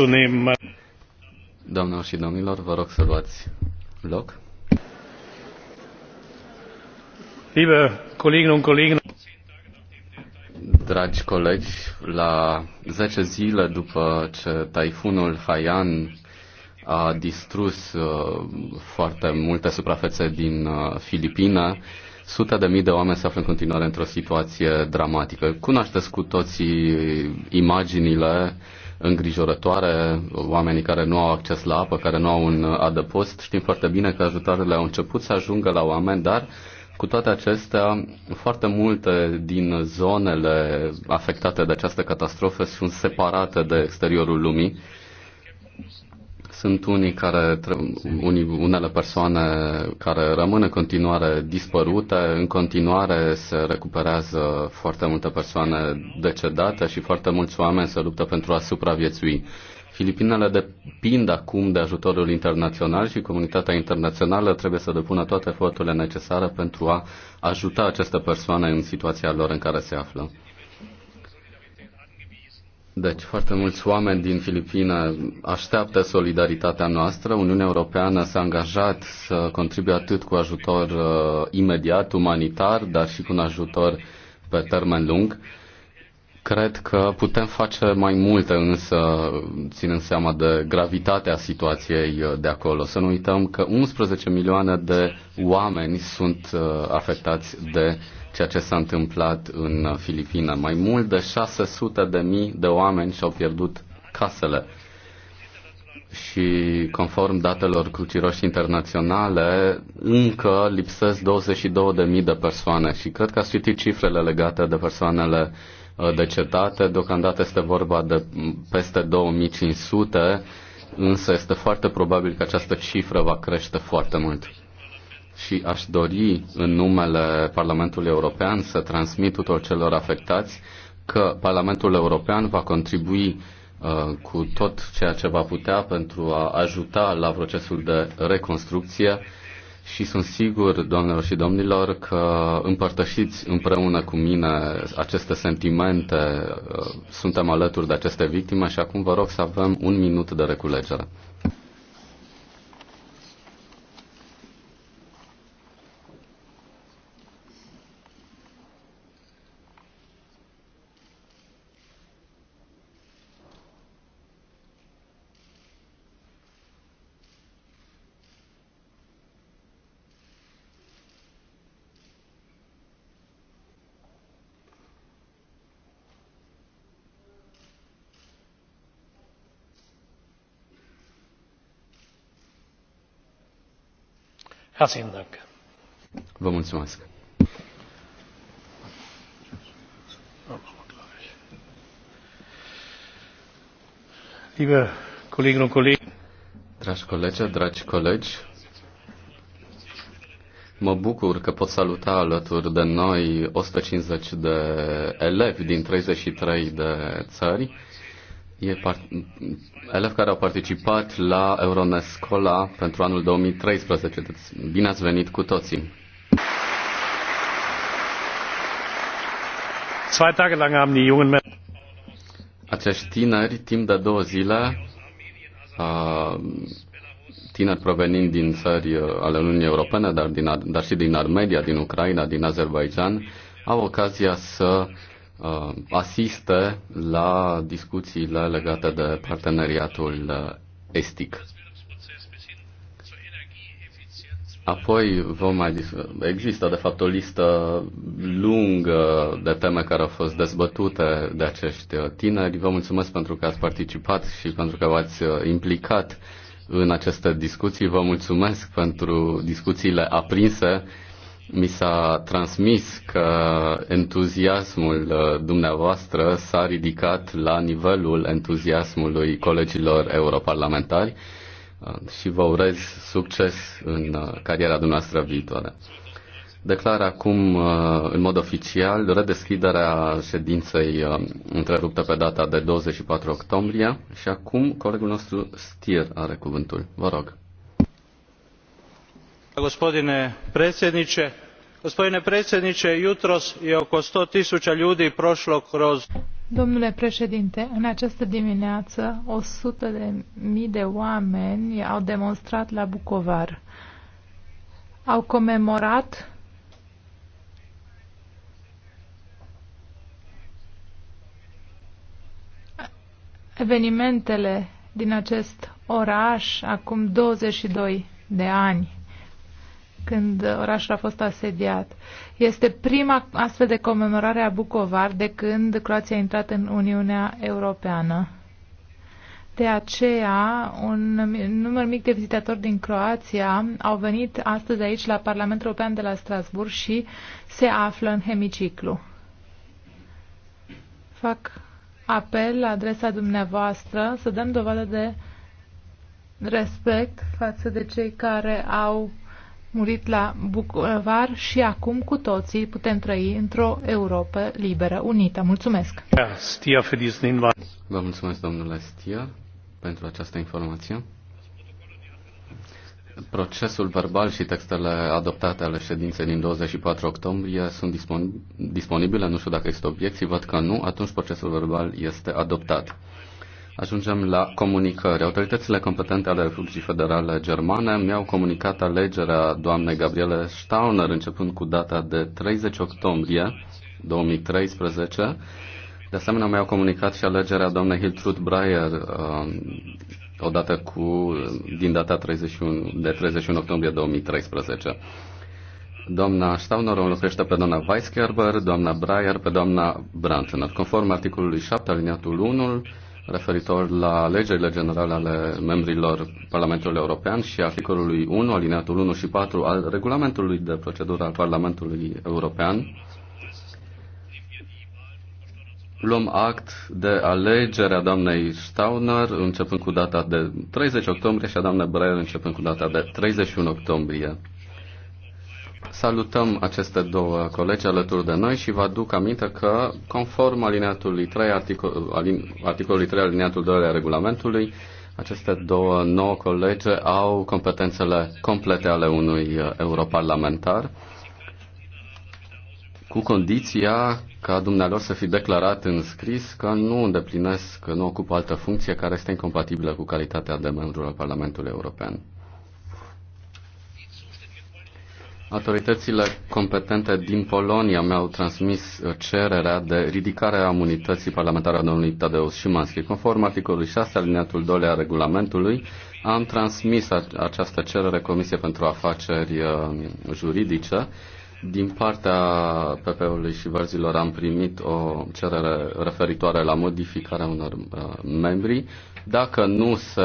anzunehmen. și domnilor, vă rog să luați loc. Liebe Kolleginnen und Kollegen, Dragi colegi, la 10 zile după ce taifunul Haiyan a distrus uh, foarte multe suprafețe din uh, Filipina, sute de mii de oameni se află în continuare într-o situație dramatică. Cunoașteți cu toții imaginile îngrijorătoare, oamenii care nu au acces la apă, care nu au un adăpost. Știm foarte bine că ajutoarele au început să ajungă la oameni, dar cu toate acestea, foarte multe din zonele afectate de această catastrofă sunt separate de exteriorul lumii sunt unii care, unii, unele persoane care rămân în continuare dispărute, în continuare se recuperează foarte multe persoane decedate și foarte mulți oameni se luptă pentru a supraviețui. Filipinele depind acum de ajutorul internațional și comunitatea internațională trebuie să depună toate eforturile necesare pentru a ajuta aceste persoane în situația lor în care se află. Deci, foarte mulți oameni din Filipine așteaptă solidaritatea noastră. Uniunea Europeană s-a angajat să contribuie atât cu ajutor uh, imediat, umanitar, dar și cu un ajutor pe termen lung. Cred că putem face mai multe, însă ținând seama de gravitatea situației uh, de acolo. Să nu uităm că 11 milioane de oameni sunt uh, afectați de uh, ceea ce s-a întâmplat în Filipine. Mai mult de 600 de mii de oameni și-au pierdut casele. Și conform datelor Crucii Roșii Internaționale, încă lipsesc mii de persoane și cred că ați citit cifrele legate de persoanele uh, decetate. Deocamdată este vorba de peste 2500, însă este foarte probabil că această cifră va crește foarte mult și aș dori în numele Parlamentului European să transmit tuturor celor afectați că Parlamentul European va contribui uh, cu tot ceea ce va putea pentru a ajuta la procesul de reconstrucție și sunt sigur, doamnelor și domnilor, că împărtășiți împreună cu mine aceste sentimente, uh, suntem alături de aceste victime și acum vă rog să avem un minut de reculegere. Herzlichen Dank. Vă mulțumesc. Liebe Kolleginnen und Kollegen, dragi colegi, dragi colegi, Mă bucur că pot saluta alături de noi 150 de elevi din 33 de țări e part... elevi care au participat la Euronescola pentru anul 2013. Deci, bine ați venit cu toții! Zwei Tage lang haben die jungen acești tineri, timp de două zile, tineri provenind din țări uh, ale Uniunii Europene, dar, din, dar și din Armenia, din Ucraina, din Azerbaijan, au ocazia să uh, asiste la discuțiile legate de parteneriatul uh, estic. Apoi vom mai există de fapt o listă lungă de teme care au fost dezbătute de acești uh, tineri. Vă mulțumesc pentru că ați participat și pentru că v-ați uh, implicat în aceste discuții. Vă mulțumesc pentru discuțiile aprinse mi s-a transmis că entuziasmul uh, dumneavoastră s-a ridicat la nivelul entuziasmului colegilor europarlamentari uh, și vă urez succes în uh, cariera dumneavoastră viitoare. Declar acum, în mod oficial, redeschiderea ședinței întreruptă pe data de 24 octombrie și acum colegul nostru Stier are cuvântul. Vă rog gospodine predsjednie gospodine predsjednie jutros je oko one hundred tisua ljudi prolo kroz. domnule preedinte în această dimineaă o sută de mii de oameni au demonstrat la bucovar au comemorat evenimentele din acest oraș acum douăzeci și doi de ani când orașul a fost asediat. Este prima astfel de comemorare a Bucovar de când Croația a intrat în Uniunea Europeană. De aceea, un număr mic de vizitatori din Croația au venit astăzi aici la Parlamentul European de la Strasburg și se află în hemiciclu. Fac apel la adresa dumneavoastră să dăm dovadă de respect față de cei care au murit la Bucovar și acum cu toții putem trăi într-o Europa liberă, unită. Mulțumesc! Vă mulțumesc, domnule Stia, pentru această informație. Procesul verbal și textele adoptate ale ședinței din 24 octombrie sunt disponibile, nu știu dacă există obiecții, văd că nu, atunci procesul verbal este adoptat. Ajungem la comunicări. Autoritățile competente ale Republicii Federale Germane mi-au comunicat alegerea doamnei Gabriele Stauner începând cu data de 30 octombrie 2013. De asemenea, mi-au comunicat și alegerea doamnei Hiltrud Breyer um, odată cu, din data 31, de 31 octombrie 2013. Doamna Staunor o înlocuiește pe doamna Weisgerber, doamna Breyer, pe doamna Brantner. Conform articolului 7, aliniatul 1, referitor la alegerile generale ale membrilor Parlamentului European și articolului 1, alineatul 1 și 4 al regulamentului de procedură al Parlamentului European. Luăm act de a doamnei Stauner începând cu data de 30 octombrie și a doamnei Breyer începând cu data de 31 octombrie. Salutăm aceste două colegi alături de noi și vă aduc aminte că, conform alineatului 3, articol, articolului 3, alineatul 2 al regulamentului, aceste două nouă colegi au competențele complete ale unui uh, europarlamentar, cu condiția ca dumnealor să fi declarat în scris că nu îndeplinesc, că nu ocupă altă funcție care este incompatibilă cu calitatea de membru al Parlamentului European. Autoritățile competente din Polonia mi-au transmis cererea de ridicare a imunității parlamentare a domnului Tadeusz Szymanski. Conform articolului 6 alineatul 2 a regulamentului, am transmis această cerere Comisiei pentru Afaceri uh, Juridice din partea PP-ului și verzilor am primit o cerere referitoare la modificarea unor uh, membri. Dacă nu se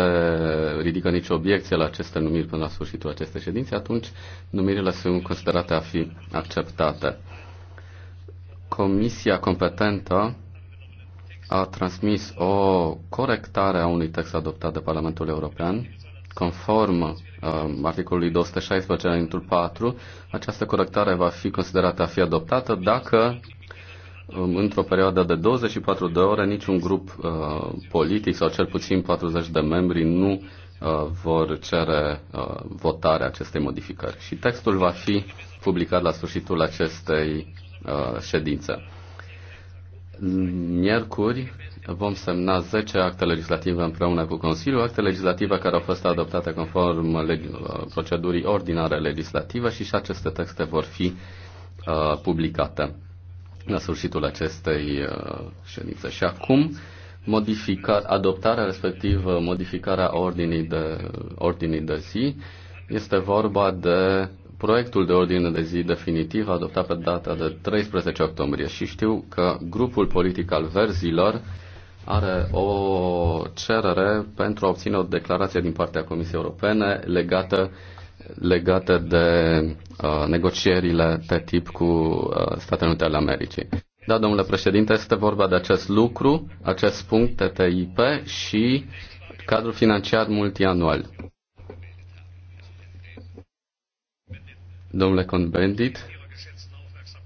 ridică nicio obiecție la aceste numiri până la sfârșitul acestei ședințe, atunci numirile sunt considerate a fi acceptate. Comisia competentă a transmis o corectare a unui text adoptat de Parlamentul European, conform Um, articolului 216 alinitul 4, această corectare va fi considerată a fi adoptată dacă um, într-o perioadă de 24 de ore niciun grup uh, politic sau cel puțin 40 de membri nu uh, vor cere uh, votarea acestei modificări. Și textul va fi publicat la sfârșitul acestei uh, ședințe. Miercuri, vom semna 10 acte legislative împreună cu Consiliul, acte legislative care au fost adoptate conform procedurii ordinare legislative și și aceste texte vor fi uh, publicate la sfârșitul acestei uh, ședințe. Și acum, modifica, adoptarea respectiv modificarea ordinii de, ordinii de zi este vorba de proiectul de ordine de zi definitiv adoptat pe data de 13 octombrie și știu că grupul politic al verzilor are o cerere pentru a obține o declarație din partea Comisiei Europene legată, legată de uh, negocierile TIP cu uh, Statele Unite ale Americii. Da, domnule președinte, este vorba de acest lucru, acest punct TTIP și cadrul financiar multianual. Domnule Convendit,